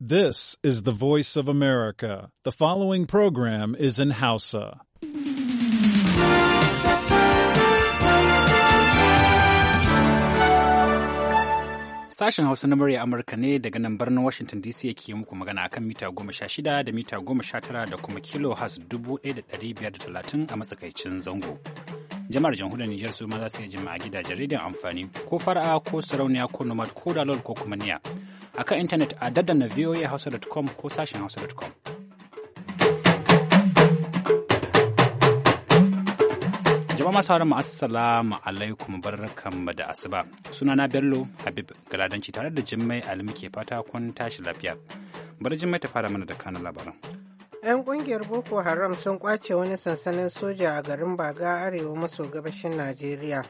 This is the voice of America. The following program is in Hausa. Sashen Hausa na murya Amurka ne daga nan birnin Washington DC yake muku magana akan mita goma sha shida da mita goma sha tara da kuma kilo has dubu ɗaya da ɗari biyar da talatin a matsakaicin zango. jama'ar jamhuriyar Nijar su ma za su iya jima a gidajen rediyon amfani ko fara'a ko sarauniya ko nomad ko dalol ko kuma niya. a kan intanet a daddana voahausa.com ko sashen hausa.com. Jama'a masu haramu assalamu alaikum barkanmu da asuba. Sunana Bello Habib Galadanci tare da Jummai, Alimi ke fata kun tashi lafiya. Bari Jummai ta fara mana da kanan labaran. 'Yan kungiyar Boko Haram sun kwace wani sansanin soja a garin Baga arewa maso gabashin Najeriya.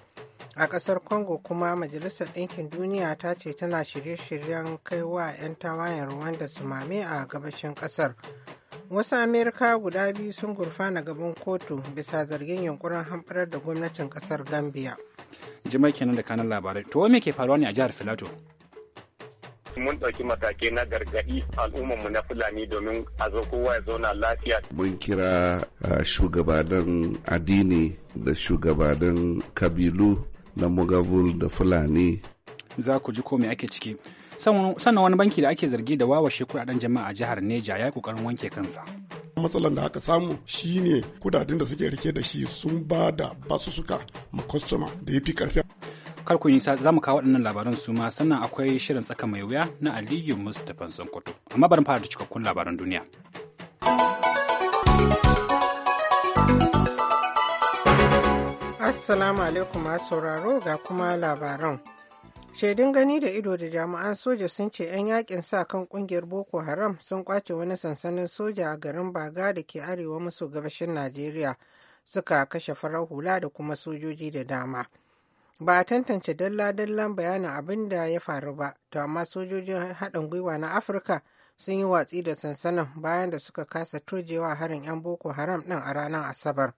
a kasar congo kuma majalisar ɗinkin duniya ta ce tana shirye-shiryen kai wa 'yan tawayen rwanda su mame a gabashin kasar wasu amerika guda biyu sun gurfana gaban kotu bisa zargin yunkurin hamfarar da gwamnatin kasar gambia jimai kenan da kanan labarai to wai ke faruwa ne a jihar filato mun ɗauki matake na gargaɗi al'ummarmu na fulani domin a zo kowa ya zauna lafiya. Mun kira ah, shugabanin addini da shugabanin kabilu na mugavul da fulani za ku ji ko me ake ciki sannan wani banki da ake zargi da wawashe kudaden jama'a a jihar neja ya kokarin wanke kansa matsalan da aka samu shi ne kudaden da suke rike da shi sun ba da basussuka ma kostoma da ya fi karfi kar ku yi za mu kawo waɗannan labaran su ma sannan akwai shirin tsaka mai wuya na aliyu mustapha sankoto amma bari fara da cikakkun labaran duniya Assalamu alaikum a sauraro ga kuma labaran. Shaidun gani da ido da jami'an soja sun ce 'yan yakin sa kan kungiyar Boko Haram sun kwace wani sansanin soja a garin Baga da ke arewa maso gabashin Najeriya suka kashe farar hula da kuma sojoji da dama. Ba a tantance dalla-dallan bayanin abin da ya faru ba, to amma sojojin haɗin gwiwa na Afirka sun yi watsi da sansanin bayan da suka kasa turjewa harin 'yan Boko Haram ɗin a ranar Asabar.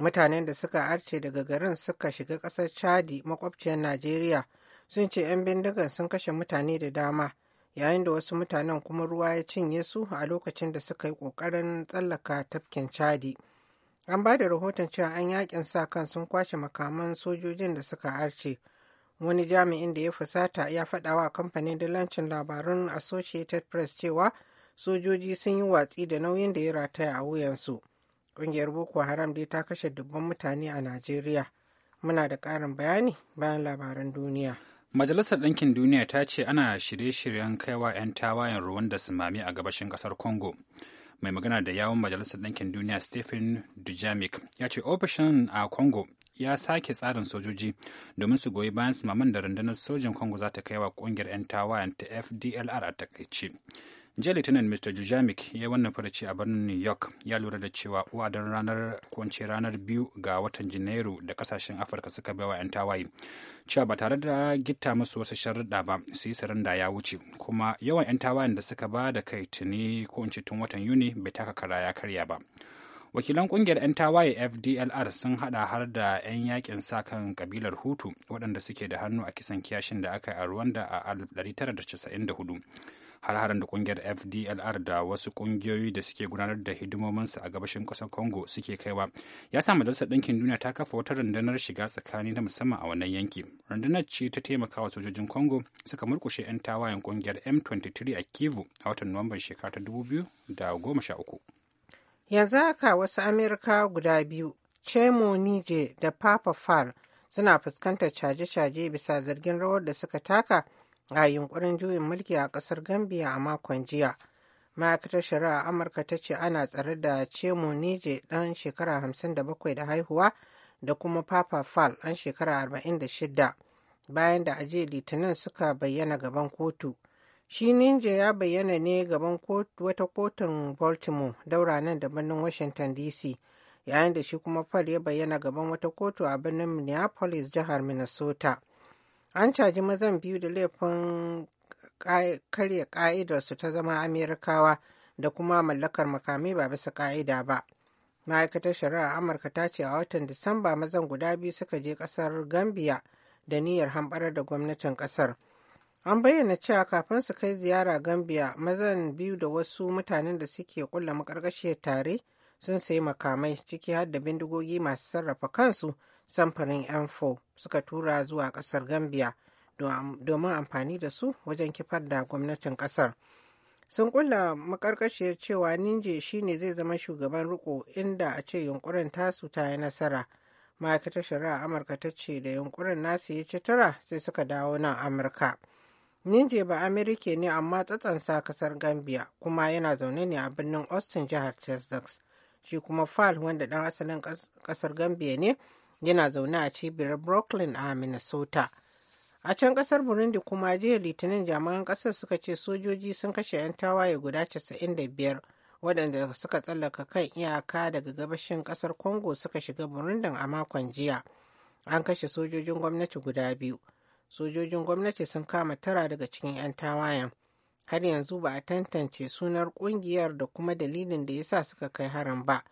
mutanen da suka arce daga garin suka shiga ƙasar chadi makwabciyar najeriya sun ce 'yan bindigan sun kashe mutane da dama yayin da wasu mutanen kuma ruwa ya cinye su a lokacin da suka yi ƙoƙarin tsallaka tafkin chadi an ba da rahoton cewa an yakin sa kan sun kwashe makaman sojojin da suka arce wani jami'in da ya fusata ya faɗa wa kamfanin dalancin labarun associated press cewa sojoji sun yi watsi da nauyin da ya rataya a wuyansu Ƙungiyar Boko Haram dai ta kashe dubban mutane a Najeriya. Muna da ƙarin bayani bayan labaran duniya. Majalisar Ɗinkin Duniya ta ce ana shirye-shiryen kaiwa 'yan tawayen ruwan da sumami a gabashin ƙasar Congo. Mai magana da yawon Majalisar Ɗinkin Duniya Stephen Dujamic ya ce ofishin a Congo ya sake tsarin sojoji domin su goyi bayan sumamin da rundunar sojin Congo za ta kaiwa ƙungiyar 'yan tawayen ta FDLR a takaice. jiya litinin mr jujamik ya yi wannan farace a birnin new york ya lura da cewa wa'adin ranar kwance ranar biyu ga watan janairu da kasashen afirka suka baiwa 'yan tawaye cewa ba tare da gitta musu wasu sharuɗa ba su yi saranda ya wuce kuma yawan 'yan tawayen da suka ba da kai tuni ko in tun watan yuni bai taka kara ya karya ba wakilan kungiyar 'yan tawaye fdlr sun hada har da 'yan yakin sa kan kabilar hutu waɗanda suke da hannu a kisan kiyashin da aka yi a rwanda a 1994 har-haren da kungiyar fdlr da wasu kungiyoyi da suke gudanar da hidimominsu a gabashin ƙasar congo suke kaiwa ya sa majalisar ɗinkin duniya ta kafa wata rundunar shiga tsakani na musamman a wannan yanki rundunar ce ta taimakawa sojojin congo suka murkushe 'yan tawayen kungiyar m23 a kivu a watan nuwamban shekara ta 2013 yanzu haka wasu amerika guda biyu chemo nije da papa fal suna fuskantar caje-caje bisa zargin rawar da suka taka a yunkurin juyin mulki a ƙasar gambia a makon jiya ma'aikatar shari'a amurka ta ce ana tsare da cemo nije ɗan shekara 57 da haihuwa da kuma papa fal ɗan shekara 46 bayan da aje litinin suka bayyana gaban kotu shi ninja ya bayyana ne gaban wata kotun baltimore daura nan da birnin washington dc yayin da shi kuma fal ya bayyana gaban wata kotu a birnin minneapolis jihar minnesota An caji mazan biyu da laifin karya ƙa'idarsu ta zama Amerikawa da kuma mallakar makamai ba bisa ƙa'ida ba. Ma'aikatar Shari'ar Amurka ta ce a watan Disamba mazan guda biyu suka je ƙasar Gambia da niyyar hamɓarar da gwamnatin ƙasar. An bayyana cewa kafin su kai ziyara Gambia mazan biyu da wasu mutanen da suke kulla makarkashiyar tare sun sayi makamai ciki har da bindigogi masu sarrafa kansu samfurin m4 suka tura zuwa kasar gambia domin amfani da su wajen kifar da gwamnatin kasar sun kulla makarkashiyar cewa ninje shine zai zama shugaban riko inda a ce yunkurin tasu ta yi nasara ma'aikatar shari'a amurka ta ce da yunkurin nasu ya ci tara sai suka dawo nan amurka ninje ba amerika ne amma tsatsansa kasar gambia kuma yana zaune ne a birnin austin jihar texas shi kuma fal wanda dan asalin kasar gambia ne yana zaune a cibiyar brooklyn a minnesota a can kasar burundi kuma jiya litinin jami'an kasar suka ce sojoji sun kashe 'yan tawaye guda 95 waɗanda suka tsallaka kan iyaka daga gabashin kasar congo suka shiga burundin a makon jiya an kashe sojojin gwamnati guda biyu sojojin gwamnati sun kama tara daga cikin 'yan tawayen har yanzu ba a tantance sunar kungiyar da kuma dalilin da ya sa suka kai harin ba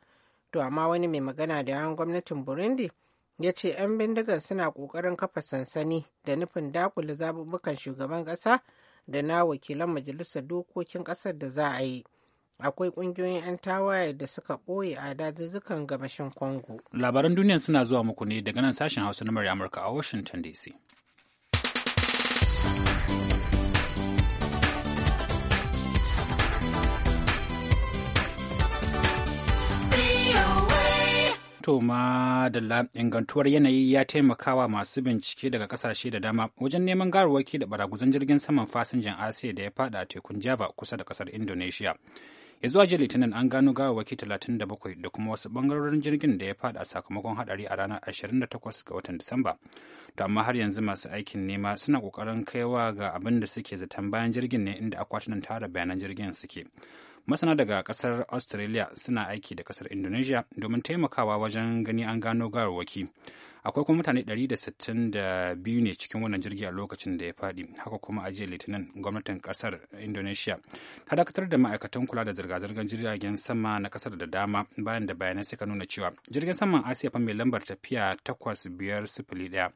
to amma wani mai magana da yawan gwamnatin burundi ya ce 'yan bindigar suna ƙoƙarin kafa sansani da nufin dakula zaɓuɓɓukan shugaban ƙasa da na wakilan majalisar dokokin ƙasar da za a yi akwai ƙungiyoyin 'yan tawaye da suka ɓoye a dazuzzukan gabashin congo labaran duniya suna zuwa muku ne daga nan sashen hausa na amurka a washington dc To madalla ingantuwar yanayi ya taimaka wa masu bincike daga kasashe da dama wajen neman gawarwaki da baraguzan jirgin saman fasinjan Asiya da ya fada a tekun Java kusa da kasar Indonesia. Ya zuwa jiya Litinin an gano gawarwaki 37 da kuma wasu bangarorin jirgin da ya fada sakamakon hadari a ranar 28 ga watan Disamba. To amma har yanzu masu aikin nema suna kokarin kaiwa ga abin da suke zaton bayan jirgin ne inda akwatunan tara bayanan jirgin suke. masana daga kasar australia suna aiki da kasar indonesia domin taimakawa wajen gani an gano gawarwaki akwai kuma mutane 162 ne cikin wannan jirgi a lokacin da ya fadi haka kuma a jiya litinin gwamnatin kasar indonesia ta dakatar da ma'aikatan kula da zirga-zirgar jiragen sama na kasar da dama bayan da bayanai suka nuna cewa jirgin saman asiya fa mai lambar tafiya 8501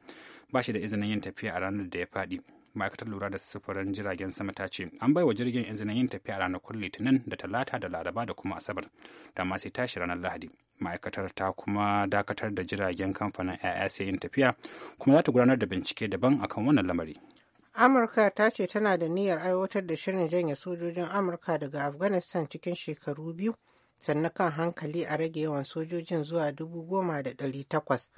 ba shi da izinin yin tafiya a ranar da ya fadi. ma'aikatar lura da sufurin jiragen sama ta ce an bai wa jirgin izinin yin tafiya ranakun litinin da talata da laraba da kuma asabar da masu tashi ranar lahadi ma'aikatar ta kuma dakatar da jiragen kamfanin sai yin tafiya kuma za ta gudanar da bincike daban akan wannan lamari amurka ta ce tana da niyyar aiwatar da shirin janye sojojin amurka daga afghanistan cikin shekaru biyu sannan kan hankali a rage yawan sojojin zuwa dubu goma da ɗari takwas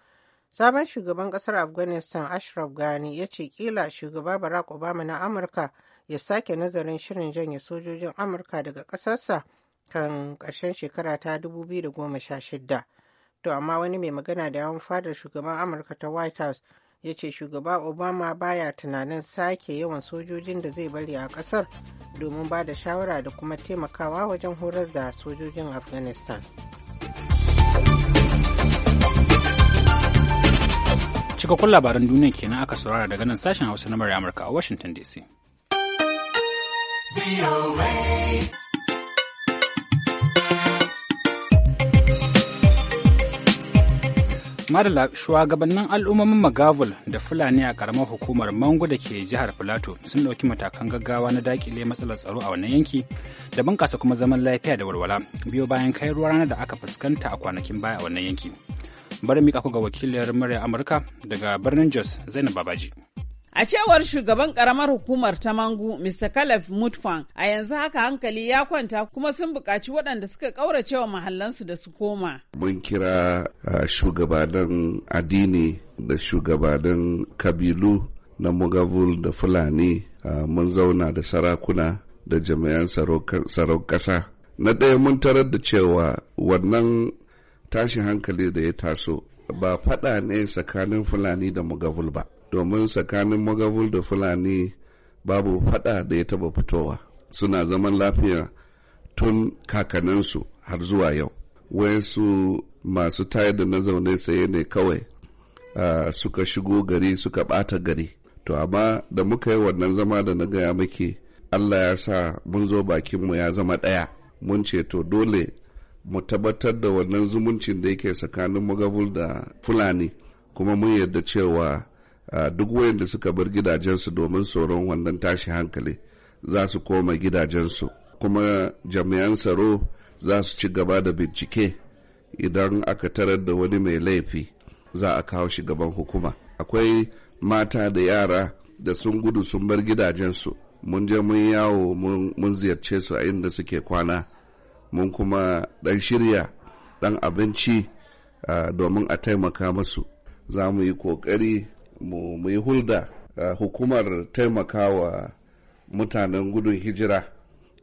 Sabon shugaban kasar Afghanistan Ashraf Ghani ya ce kila shugaba Barack Obama na Amurka ya sake nazarin shirin janye sojojin Amurka daga kasarsa kan karshen shekara ta 2016. To amma wani mai magana da yawan fadar shugaban Amurka ta White House ya ce shugaba Obama baya tunanin sake yawan sojojin da zai bari a kasar domin ba da shawara da kuma taimakawa wajen horar da sojojin Afghanistan. Cikakkun labaran duniya kenan aka saurara daga nan sashen Hausa na murya Amurka a Washington DC. Madala shugabannin al'ummomin Magavul da Fulani a karamar hukumar Mangu da ke jihar Filato sun ɗauki matakan gaggawa na dakile matsalar tsaro a wannan yanki da bunƙasa kuma zaman lafiya da walwala biyo bayan kai ruwa rana da aka fuskanta a kwanakin baya a wannan yanki. bari mika ku ga wakiliyar murya amurka daga birnin jos zainab babaji A cewar shugaban karamar hukumar ta Mangu, Mr. Caleb Mutfan, a yanzu haka hankali ya kwanta kuma sun buƙaci waɗanda suka ƙaurace wa mahallansu da su koma. Mun kira shugabanin addini da shugabanin kabilu na Mugavul da Fulani mun zauna da sarakuna da jami'an tsaron ƙasa. Na ɗaya mun tarar da cewa wannan tashin hankali da ya taso ba faɗa ne tsakanin fulani da mugavul ba domin tsakanin mugavul da fulani babu faɗa da ya taba fitowa suna zaman lafiya tun kakanninsu har zuwa yau wayansu masu tayar da na zaune saye ne kawai suka shigo gari suka ɓata gari to amma da muka yi wannan zama da na gaya muke allah ya sa mun zo bakinmu ya zama ɗaya mun ce to dole mu tabbatar da wannan zumuncin da yake tsakanin magabul da fulani kuma mun yarda cewa duk wayanda suka bar gidajensu domin tsoron wannan tashi hankali za su koma gidajensu kuma jami'an tsaro za su ci gaba da bincike idan aka tarar da wani mai laifi za a kawo shi gaban hukuma akwai mata da yara da sun gudu sun bar gidajensu mun je mun yawo mun ziyarce su a inda suke kwana mun kuma ɗan shirya ɗan abinci domin a taimaka masu za mu yi ƙoƙari mu yi hulda hukumar taimakawa mutanen gudun hijira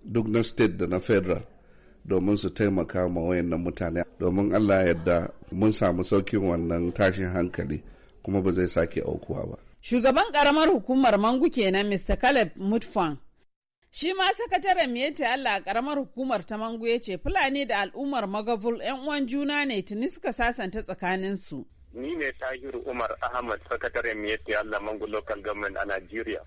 duk na state da na federal domin su taimaka ma wayannan mutane domin allah yadda mun samu saukin wannan tashin hankali kuma ba zai sake aukuwa ba shugaban karamar hukumar mangu kenan mr caleb mutfan Shi ma sakataren Meta Allah karamar hukumar ta Mangu ya ce Fulani da al'ummar Magavul 'yan uwan juna ne tuni suka sasanta tsakaninsu. Ni ne Tahiru Umar Ahmad sakataren Meta Allah Mangu Local Government a Najeriya.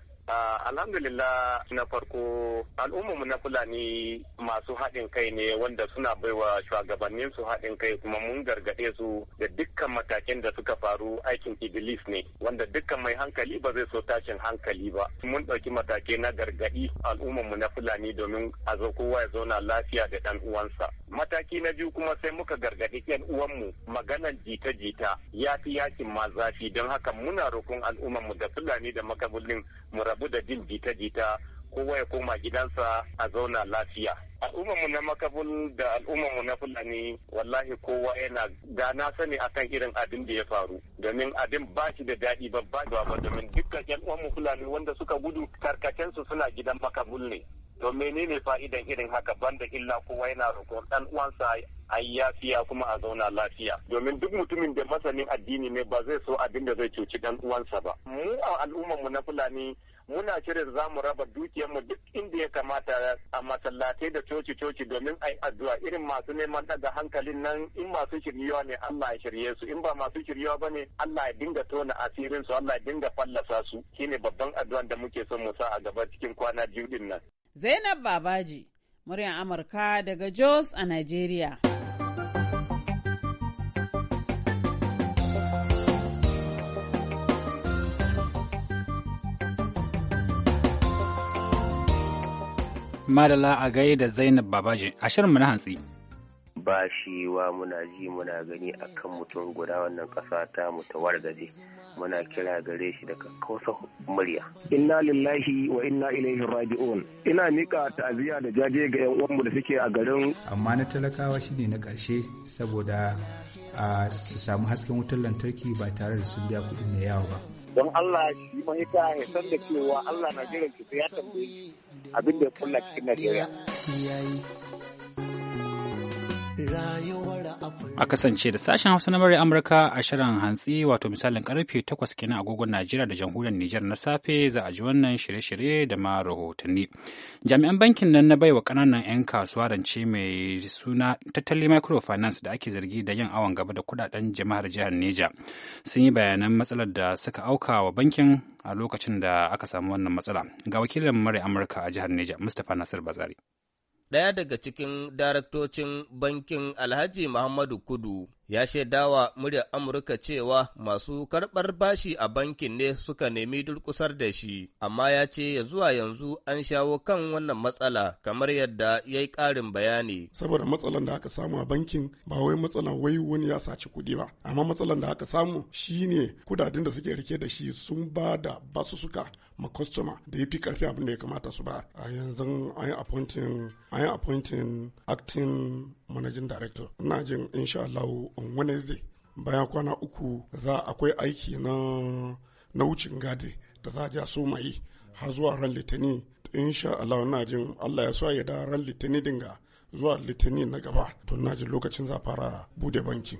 alhamdulillah na farko al'ummarmu na fulani masu haɗin kai ne wanda suna baiwa shugabannin su haɗin kai kuma mun gargaɗe su da dukkan matakin da suka faru aikin iblis ne wanda dukkan mai hankali ba zai so tashin hankali ba mun ɗauki matakai na gargaɗi al'ummarmu na fulani domin a zo kowa ya zauna lafiya da ɗan uwansa mataki na biyu kuma sai muka gargaɗi yan uwanmu maganan jita-jita ya fi yakin ma zafi don haka muna roƙon al'ummarmu da fulani da makabulin mu rabu da jin jita-jita kowa ya koma gidansa a zauna lafiya. al'ummarmu na makabul da al'ummarmu na fulani wallahi kowa yana da na sani akan irin abin da ya faru domin abin ba shi da daɗi babba ba domin dukkan yan uwanmu fulani wanda suka gudu karkacensu suna gidan makabul ne to menene fa'idan irin haka banda illa kowa yana roƙon dan uwansa a yafiya kuma a zauna lafiya domin duk mutumin da masanin addini ne ba zai so abin da zai cuci dan uwansa ba mu a al'ummar mu na fulani muna shirin za mu raba dukiyarmu duk inda ya kamata a masallatai da coci-coci domin a addu'a irin masu neman daga hankalin nan in masu shiryewa ne Allah ya shirye su in ba masu shiryewa ba ne Allah ya dinga tona asirin su Allah ya dinga fallasa su shine babban addu'an da muke son mu sa a gaba cikin kwana biyu din nan. Zainab Babaji, muryar Amurka daga Jos a Najeriya. Madala a gaida Zainab Babaji, a shirinmu na hantsi. bashewa muna ji muna gani a kan mutum guda wannan ƙasa ta mu ta muna kira gare shi daga kausa murya inna lillahi wa inna ilaihi raji'un ina mika ta'aziyya da jaje ga yan uwanmu da suke a garin amma na talakawa ne na ƙarshe saboda su samu hasken wutar lantarki ba tare da sun biya kuɗin da yawa ba don Allah shi mahita ya san da cewa Allah na jiran ya tambayi" abin da ya kulla cikin Najeriya. A kasance da sashen Hausa na murya Amurka a shirin hantsi wato misalin karfe takwas, kenan agogon Najeriya da jamhuriyar Nijar na safe za a ji wannan shirye-shirye da ma rahotanni. Jami'an bankin nan na baiwa kananan 'yan kasuwa rance mai suna tattali microfinance da ake zargi da yin awon gaba da kudaden jama'ar jihar Neja sun yi bayanan matsalar da suka auka wa bankin a lokacin da aka samu wannan matsala. Ga wakilin murya Amurka a jihar Nijar Mustapha Nasir Bazari. ɗaya daga cikin daraktocin bankin Alhaji Muhammadu Kudu ya shaidawa muryar Amurka cewa masu karɓar bashi a bankin ne suka nemi durƙusar da shi, amma ya ce ya zuwa yanzu an shawo kan wannan matsala kamar yadda ya yi ƙarin bayani. Saboda matsalan da aka samu a bankin ba wai matsala wai wani ya saci kuɗi ba, amma matsalan da aka samu shi ne kudaden da suke rike da shi sun ba da basu suka ma kwastoma da ya fi ƙarfi abin da ya kamata su ba. A yanzu an yi appointing acting managing director ina jin insha Allah Wednesday bayan kwana uku za akwai aiki na na wucin gadi da za a ja so mai har zuwa ran litinin insha Allah na jin Allah ya so ya da ran litinin dinga zuwa litinin na gaba to na ji lokacin za fara bude banki.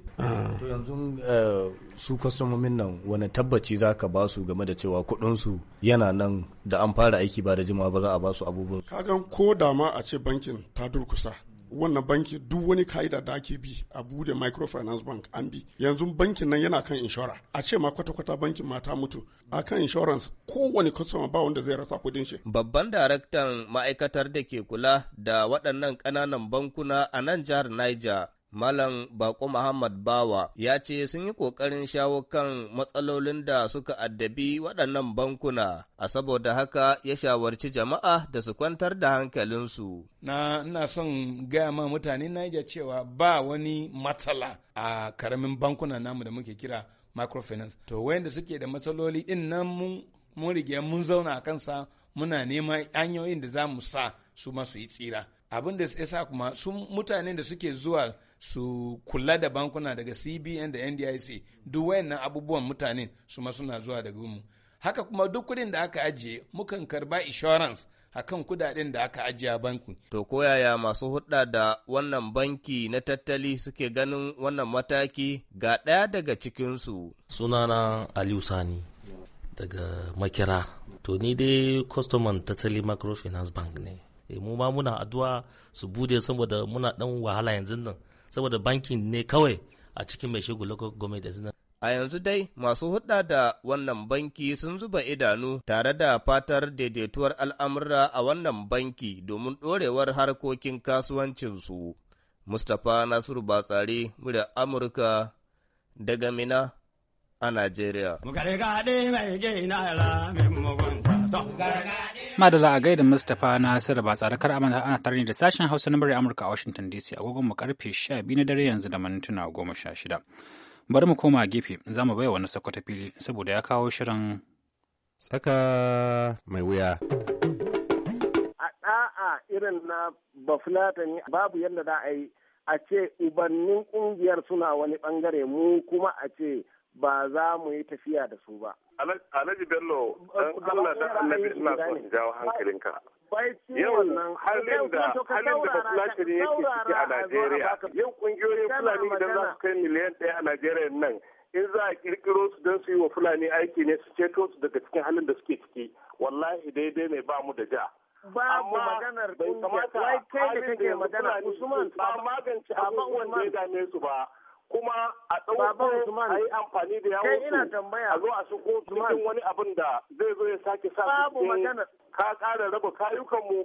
to yanzu eh, su kwastomomin nan wani tabbaci za ka ba su game da cewa kuɗinsu yana nan da an fara aiki ba da jima ba za a ba su abubuwan. kagan ko da ma a ce bankin ta durkusa wannan banki duk wani ka'ida da ake bi a bude microfinance bank an bi yanzu bankin nan yana kan inshora a ce ma kwata-kwata bankin mata mutu a kan insurance kowane customer ba wanda zai rasa kudin shi babban daraktan ma'aikatar da ke kula da waɗannan ƙananan bankuna a nan jihar niger Malam Bako Muhammad Bawa ya ce sun yi ƙoƙarin shawo kan matsalolin da suka addabi waɗannan bankuna, a saboda haka ya shawarci jama'a da su kwantar da hankalinsu. Na ina son gaya ma mutane Niger cewa ba wani matsala a karamin bankuna namu da muke kira microfinance. To wayanda suke da matsaloli ɗin nan mun mun rige mun zauna a kansa muna neman hanyoyin da za mu sa su masu yi tsira abin da ya sa kuma su mutanen da suke zuwa su kula da bankuna daga cbn da ndic duk wayannan abubuwan mutane su ma suna zuwa daga mu haka kuma duk kudin da aka ajiye mukan karba insurance akan kudaden da aka ajiye a banku. To ko yaya masu hudda da wannan banki na tattali suke ganin wannan mataki ga ɗaya daga cikinsu. Sunana Aliyu Sani daga Makira. To ni dai customer tattali microfinance bank ne. E, mu ma muna addu'a su bude saboda muna ɗan wahala yanzu nan. saboda bankin ne kawai a cikin mai shigo local government A yanzu dai masu hudda da wannan banki sun zuba idanu tare da fatar daidaituwar al'amura a wannan banki domin ɗorewar harkokin kasuwancinsu. Mustapha Nasiru Batsari, murya Amurka daga Mina a Najeriya. Madala a gaida Mustapha Nasiru ba kar amana ana tare da sashen Hausa na murya Amurka a Washington DC agogon mu karfe 12 na dare yanzu da mintuna 16. Bari mu koma gefe za mu bai wani sakwata fili saboda ya kawo shirin saka mai wuya. A ɗa'a irin na bafulatani babu yadda za a yi a ce ubannin ƙungiyar suna wani ɓangare mu kuma a ce ba za mu yi tafiya da su ba. Alhaji Bello, Allah da annabi ina so in jawo hankalinka. Yawan halin da halin da Fulatani yake ciki a Najeriya, yau kungiyoyin Fulani idan za su kai miliyan ɗaya a Najeriya nan, in za a kirkiro su don su yi wa Fulani aiki ne su ceto su daga cikin halin da suke ciki, wallahi daidai ne ba mu da ja. babu maganar kungiya wai kai da kake magana Usman ba magance abubuwan da ya dame su ba kuma a ɗauko a yi amfani da yawon su, a zo a shigo cikin wani abin da zai zo ya sake sa cikin ka ƙara raba kayukanmu.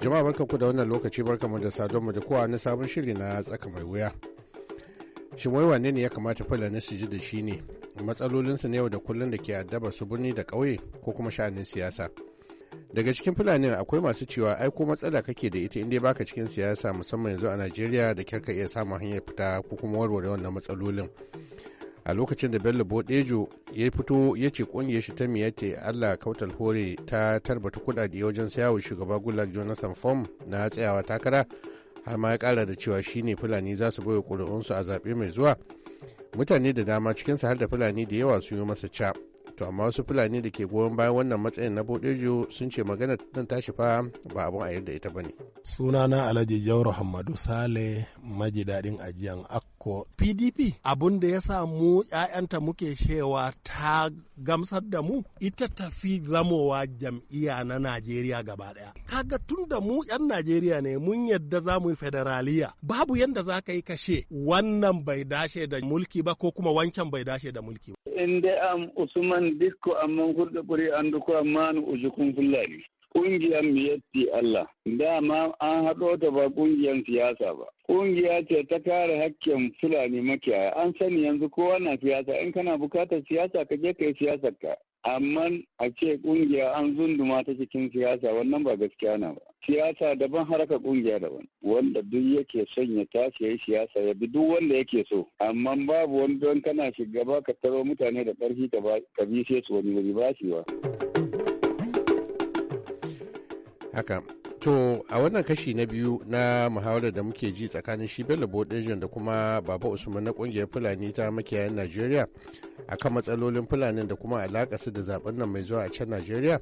jama'a ku da wannan lokaci mu da sadonmu da kowa na sabon shiri na tsaka mai wuya shin wai wane ne ya kamata fulani su ji da shi ne matsalolinsu na yau da kullum da ke addaba su birni da ƙauye ko kuma sha'anin siyasa daga cikin fulani akwai masu cewa ai ko matsala kake da ita inda baka cikin siyasa musamman yanzu a najeriya da kyar ka iya samun hanyar fita ko kuma warware wannan matsalolin a lokacin da bello bodejo ya fito ya ce kungiyar shi ta miyate allah kautal hore ta tarbata kudade wajen sayawa shugaba gulag jonathan fom na tsayawa takara har ma ya kara da cewa shine fulani za su baiwa kuri'unsu a zaɓe mai zuwa mutane da dama cikinsu har da fulani da yawa sun yi masa ca to amma wasu fulani da ke goyon bayan wannan matsayin na bodejo sun ce magana nan tashi fa ba abun a yarda ita bane sunana alhaji jawar hamadu sale maji dadin ajiyan ak ko pdp abun da ya sa mu 'ya'yanta muke shewa ta gamsar da mu ita tafi zamowa jam'iyya na najeriya gaba daya kaga tun da mu 'yan najeriya ne mun yadda za mu yi federaliya babu yadda za ka yi kashe wannan bai dashe da mulki ba ko kuma wancan bai dashe da mulki ba in dai am usman disko amman kurda kuri an amma an ujukun fulani Ƙungiyar Miyatti Allah dama an haɗo ta ba ƙungiyar siyasa ba. Ƙungiya ce ta kare hakkin Fulani makiyaya an sani yanzu kowa na siyasa in kana bukatar siyasa ka je ka yi siyasar ka. amma a ce kungiya an zunduma ta cikin siyasa wannan ba gaskiya na ba siyasa daban haraka kungiya daban wanda duk yake son ya tashi yayi siyasa ya bi duk wanda yake so amma babu wani don kana shugaba ka taro mutane da ƙarfi ka bi sai su wani wuri ba su haka to a wannan kashi na biyu na muhawarar da muke ji tsakanin shi bello bodejan da kuma baba usman na kungiyar fulani ta makiyayan najeriya akan matsalolin fulanin da kuma alakasu da zaben nan mai zuwa a can najeriya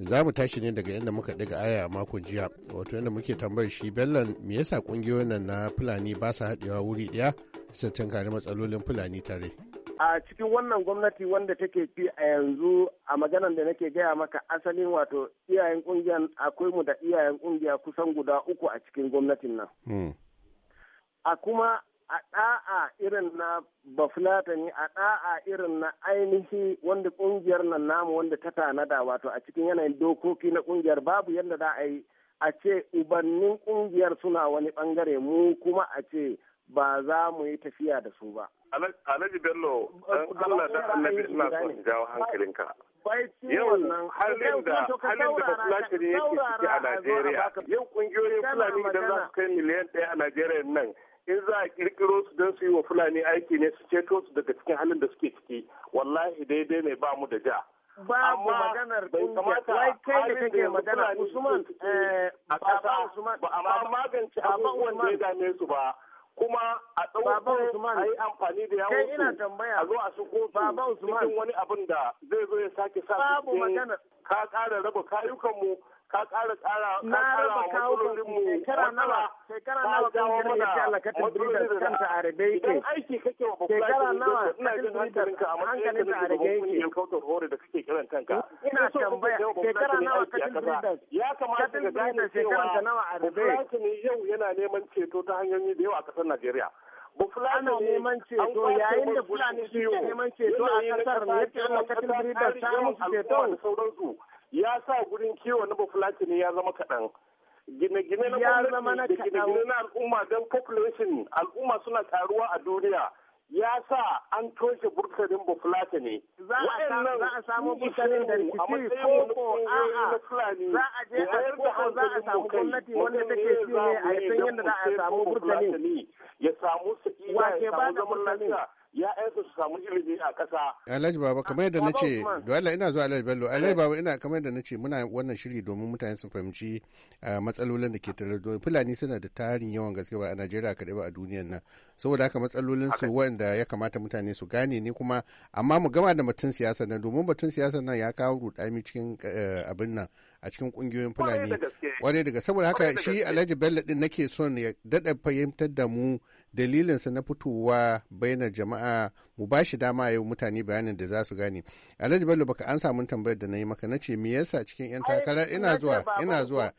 za mu tashi ne daga inda muka daga aya a makon jiya wato yadda muke tambayar shi bello me yasa kungiyoyin nan na fulani ba su haɗewa wuri ɗaya su tunkari matsalolin fulani tare A cikin wannan gwamnati wanda take ci a yanzu a maganar da nake gaya maka asalin wato iyayen kungiyar akwai mu da iyayen kungiya kusan guda uku a cikin gwamnatin nan. Hmm. A kuma a ɗa'a irin na bafulatani a ɗa'a irin na ainihi wanda ƙungiyar nan namu wanda ta tanada wato a cikin yanayin dokoki na ƙungiyar babu yadda za a yi a ce ubannin ƙungiyar suna wani bangare mu kuma a ce ba za mu yi tafiya da su ba. Alhaji Bello, Allah da Annabi ina son jawo hankalinka. Yawan halin da halin da Bafulatani yake ciki a Najeriya, yau kungiyoyin Fulani idan za su kai miliyan ɗaya a Najeriya nan, in za a kirkiro su don su yi wa Fulani aiki ne su ceto su daga cikin halin da suke ciki, wallahi daidai ne ba mu da ja. babu maganar kungiya wai kai da kake magana Usman eh, a ƙasa ba a magance abubuwan da ya dame su ba kuma a ɗauko a yi amfani da yawon su a zo a suko su cikin wani abin da zai zo ya sake sa su ka ƙara raba kayukanmu ka kara kara na raba kawo shekara nawa shekara nawa ya ka tabbiri da kanta a rabe yake aiki kake wa shekara nawa ina jin hankalin a ka a rabe ne kautar hore da kake kiran kanka ina tambaya shekara nawa ka tabbiri ya kamata ka gane nawa a rabe ne yau yana neman ceto ta hanyoyi da yawa a kasar Najeriya ana neman ceto yayin da fulani suke neman ceto a kasar ne yake lokacin birida samun ceto ya sa gurin kiwo na ne ya zama kaɗan gine-gine na gwamnati da gine-gine na al'umma don population al'umma suna taruwa a duniya ya sa an toshe burtsarin bafulata ne. Za a samu burtsarin da rikici ko a'a za a je a ko za a samu gwamnati wanda take shi ne a san yadda za a samu burtsarin. Ya samu sa'iya ya samu zaman lafiya. ya'yansu su samu ilimi a ƙasa. Alhaji Baba kamar yadda na ce dole ina zuwa Alhaji Bello Alhaji eh. Baba ina kamar yadda na ce muna wannan shiri domin mutane su fahimci eh, matsalolin da ke tare da Fulani suna da tarin yawan gaske ba a Najeriya kaɗai ba a duniyar nan saboda haka matsalolin su wanda ya kamata mutane su gane ne kuma amma mu gama da batun siyasa nan domin batun siyasa nan ya kawo rudami cikin eh, abin nan a cikin kungiyoyin fulani kwarai daga saboda haka shi alhaji bello din nake son ya dada fahimtar da mu dalilinsa na fitowa bayanar jama'a mu ba shi dama yau mutane bayanin da za su gane alhaji bello baka an samu tambayar da na yi maka na ce me yasa cikin yan takara ina zuwa ina zuwa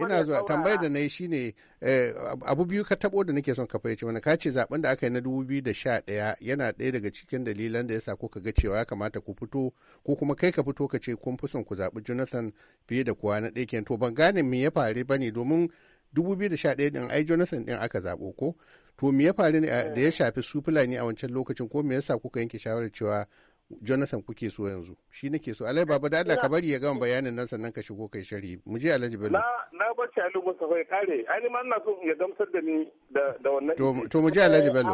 ina zuwa tambayar da na yi shine eh, abu biyu ka tabo da nake son ka fahimci mana ka ce zaben da aka yi na 2011 yana ɗaya daga cikin dalilan da yasa ko ka ga cewa ya kamata ku fito ko kuma kai ka fito ka ce kun fi son ku zaɓi jonathan fiye da kowa na ɗaya to ban gane me ya faru ba ne domin 2011 din ai Jonathan din aka zaɓo ko to me ya faru ne eh. da ya shafi su Fulani a wancan lokacin ko me yasa kuka yanke shawarar cewa Jonathan kuke so yanzu shi nake so alai Baba da Allah ka bari ya gama bayanin nan sannan ka shigo kai shari mu je Alhaji Bello na ba shi Ali Mustafa ya kare ai ma ina so ya gamsar da ni da wannan to mu ji Alhaji Bello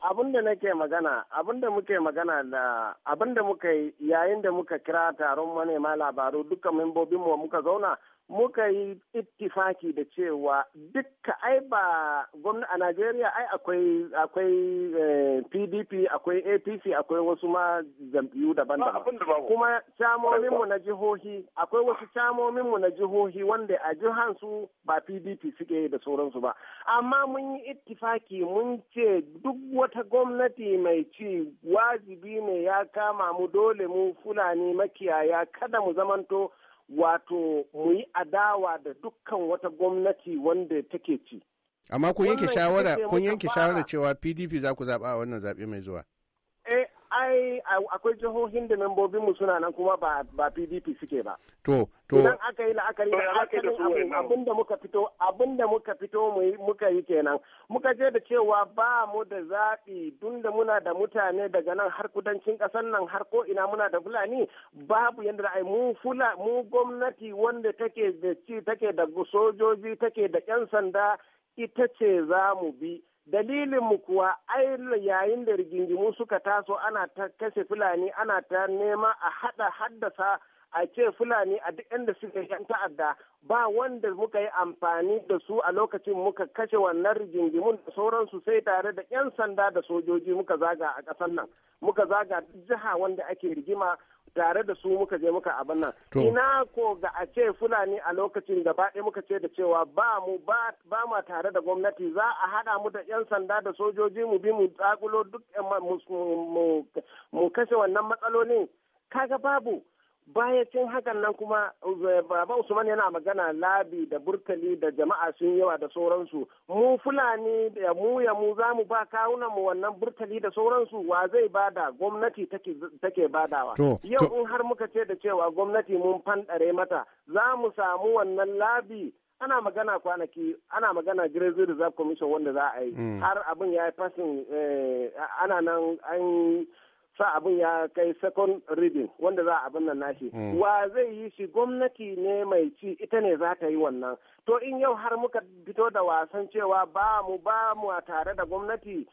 abin da nake magana abin da muke magana da abin da muka yayin da muka kira taron manema labaru dukkan membobin mu muka zauna muka yi ittifaki da cewa dukka ai ba gwamna a Najeriya ai akwai akwai PDP eh, akwai APC akwai wasu ma jam'iyyu daban-daban kuma camomin mu na jihohi akwai wasu camomin mu na jihohi wanda a jihan su ba PDP suke da sauransu ba amma mun yi ittifaki mun ce duk wata gwamnati mai ci wajibi ne ya kama mu dole mu Fulani makiyaya kada mu zamanto wato mu yi adawa da dukkan wata gwamnati wanda take ci. Amma kun yanke shawara cewa PDP za ku zaɓa a wannan zaɓe mai zuwa. ai akwai jihohin da membobinmu suna nan kuma ba pdp suke ba to to idan aka yi la'akari da abin da muka fito abin da muka fito muka yi kenan muka je da cewa ba mu da zaɓi tun da muna da mutane daga nan har kudancin ƙasar nan har ko ina muna da fulani babu yadda da mu fula mu gwamnati wanda take da ci take da sojoji take da 'yan sanda ita ce za mu bi dalilinmu kuwa ai yayin da rigingimu suka taso ana ta kashe fulani ana ta nema a hada haddasa a ce fulani a duk inda suka yan ta'adda ba wanda muka yi amfani da su a lokacin muka kashe wannan rigingimun da sauransu sai tare da 'yan sanda da sojoji muka zaga a ƙasar nan muka zaga jiha wanda ake rigima tare da su muka je muka abin nan ina ko ga a ce fulani a lokacin gaba ɗaya muka ce da cewa ba mu ba ma tare da gwamnati za a haɗa mu da yan sanda da sojoji mu bi mu tsakulo duk mu kashe wannan matsalolin kaga babu baya cin hakan nan kuma eh, baba usman yana magana labi da burtali da jama'a sun yawa da sauransu mu fulani da eh, mu ya mu za mu ba kawunan mu wannan burtali da sauransu wa zai bada gwamnati take badawa yau in har muka ce da cewa gwamnati mun fanɗare mata za mu samu wannan labi ana magana kwanaki ana magana Grazing Reserve Commission wanda za a yi mm. har abin ya yi fasin eh, ana nan an sa abin ya kai second reading wanda za a abin nan nashi hmm. wa zai yi shi gwamnati ne mai ci ita ne za ta yi wannan to in yau har muka fito da wasan cewa ba mu ba mu a tare da gwamnati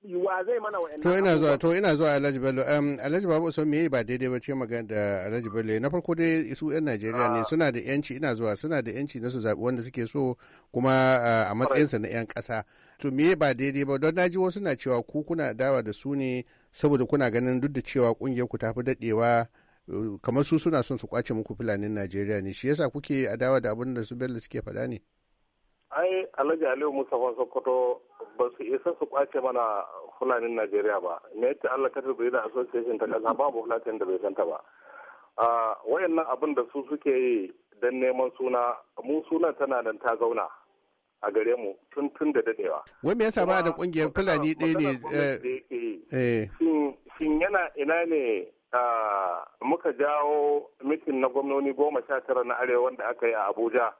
wa zai mana wa'annan to ina zuwa to ina zuwa Alhaji Bello um Alhaji Babu so me ba daidai ba ce magana da Alhaji Bello na farko dai su yan Najeriya ne ah. suna da yanci ina zuwa suna da yanci na su zabi wanda suke so kuma ah, a matsayinsa na yan ƙasa to me ba daidai ba don naji wasu na cewa ku kuna dawa da su ne saboda kuna ganin duk da cewa kungiyar ku tafi dadewa eh, kamar su suna son su kwace muku fulanin Najeriya ne shi yasa kuke dawa da abin da su Bello suke faɗa ne ai Alhaji Aliyu Mustafa Sokoto ba su isa su kwace mana fulanin Najeriya ba me ta Allah ta rubuta da association ta kasa babu fulanin da bai santa ba a ah, wayannan abin da su suke yi dan neman suna mu suna tana nan ta zauna a gare mu tun tun da dadewa. Wai me yasa ba da kungiyar Fulani ɗaya ne? Eh, eh. Shin yana ina ne ah, muka jawo mitin na gwamnoni goma sha tara na arewa wanda aka yi a Abuja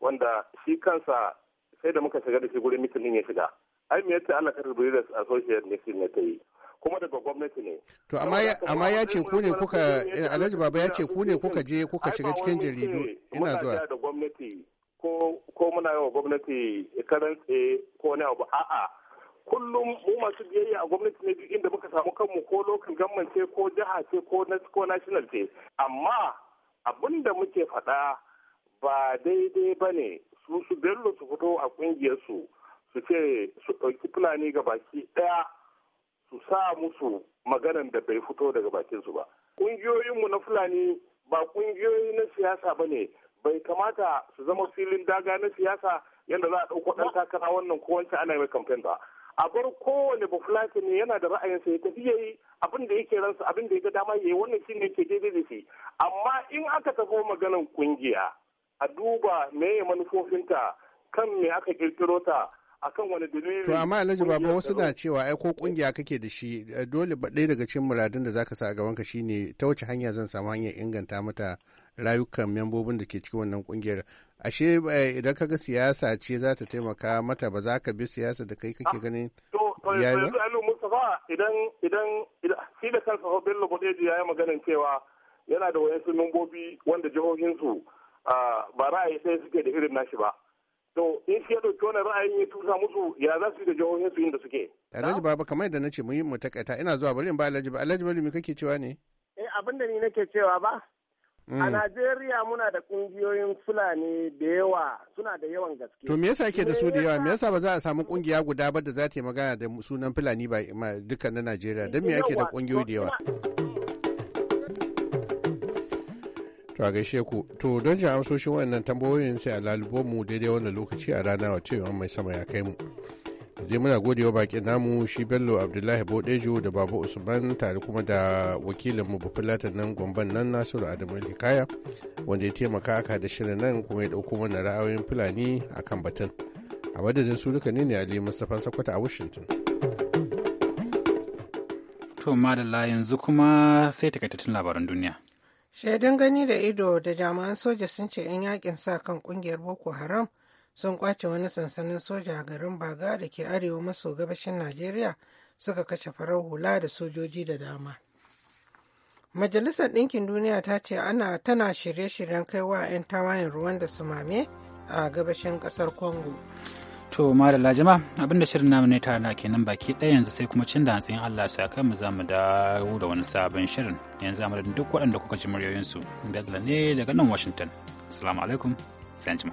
wanda shi kansa sai da muka shiga da shi gurin mitin ne ya shiga. Ai me yasa Allah ta rubuta da associate mitin ne ta yi. kuma daga gwamnati ne. To amma ya eh, ce ku ne kuka Alhaji Baba ya ce ku ne kuka je kuka shiga cikin jaridu ina zuwa. da gwamnati ko muna yawa gwamnati karantse ko ne abu a'a kullum mu masu biyayya a gwamnati ne duk inda muka samu kanmu ko lokacin ce ko jiha ce ko ko national ce amma abin da muke faɗa ba daidai ba ne su su bello su fito a ƙungiyarsu su ce su ɗauki fulani ga baki ɗaya su sa musu maganan da bai fito daga bakinsu ba ƙungiyoyinmu na fulani ba ƙungiyoyi na siyasa ba ne bai kamata su zama filin daga na siyasa yadda za a ɗauko ɗan takara wannan ko wancan ana mai kamfen ba a bar kowane bafulaki ne yana da ra'ayinsa ya tafi yayi abin da yake ransa abin da ya ga dama yayi wannan shi ne ke daidai da shi amma in aka tafi maganan kungiya a duba meye manufofinta kan me aka kirkiro ta akan wani dalili to amma alhaji baba wasu na cewa ai ko kungiya kake da shi eh, dole ba ɗaya daga cikin muradun da zaka sa a gaban ka shine ta wace hanya zan samu hanyar inganta mata rayukan membobin da ke cikin wannan kungiyar ashe eh, idan kaga siyasa ce za ta taimaka mata ba za ka bi siyasa da kai kake ah, ganin ya yi ba idan idan shi da kansa bello bodeji ya yi maganin cewa yana da wayansu membobi wanda jihohinsu ah, ba ra'ayi sai suke da irin nashi ba to in shi ya ɗauki wani ra'ayin ya tusa musu ya za su yi da jihohinsu inda suke. Alhaji Baba kamar yadda na ce mun yi mu takaita ina zuwa bari in ba Alhaji Alhaji Bali me kake cewa ne? Eh abin da ni nake cewa ba. A mm. Najeriya muna da kungiyoyin Fulani da yawa suna da yawan gaske. To me yasa yake da su da yawa me yasa ba za a samu kungiya guda ba da za ta yi magana da sunan Fulani ba dukkan na Najeriya don me yake da kungiyoyi da yawa? To gaishe ku, to don jin amsoshin wannan tambayoyin sai a lalubo mu daidai wannan lokaci a rana wace mai sama ya kai mu. zai muna godewa bakin namu shi bello abdullahi bodejo da babu usman tare kuma da wakilin mu bufulatan nan gomban nan nasiru adamu hikaya wanda ya taimaka aka da shirin nan kuma ya dauko mana ra'ayoyin fulani akan batun a madadin su duka ne ali mustapha sakwata a washington to madalla yanzu kuma sai takaitattun labaran duniya Shaidun gani da ido da jami'an soja sun ce 'yan yakin sa kan kungiyar Boko Haram sun kwace wani sansanin soja a garin Baga da ke arewa maso gabashin Najeriya suka kashe farar hula da sojoji da dama. Majalisar Ɗinkin Duniya ta ce ana tana shirye-shiryen kaiwa 'yan tawayen ruwan da su sumame a gabashin ƙasar Congo. To madalla lajima abinda shirin namu ne tare na kenan baki ɗaya yanzu sai kuma cin da hantsin Allah sa kai mu za mu dawo da wani sabon shirin yanzu amma duk waɗanda kuka ji muryoyinsu. bello ne daga nan Washington. Assalamu alaikum. Sai jima.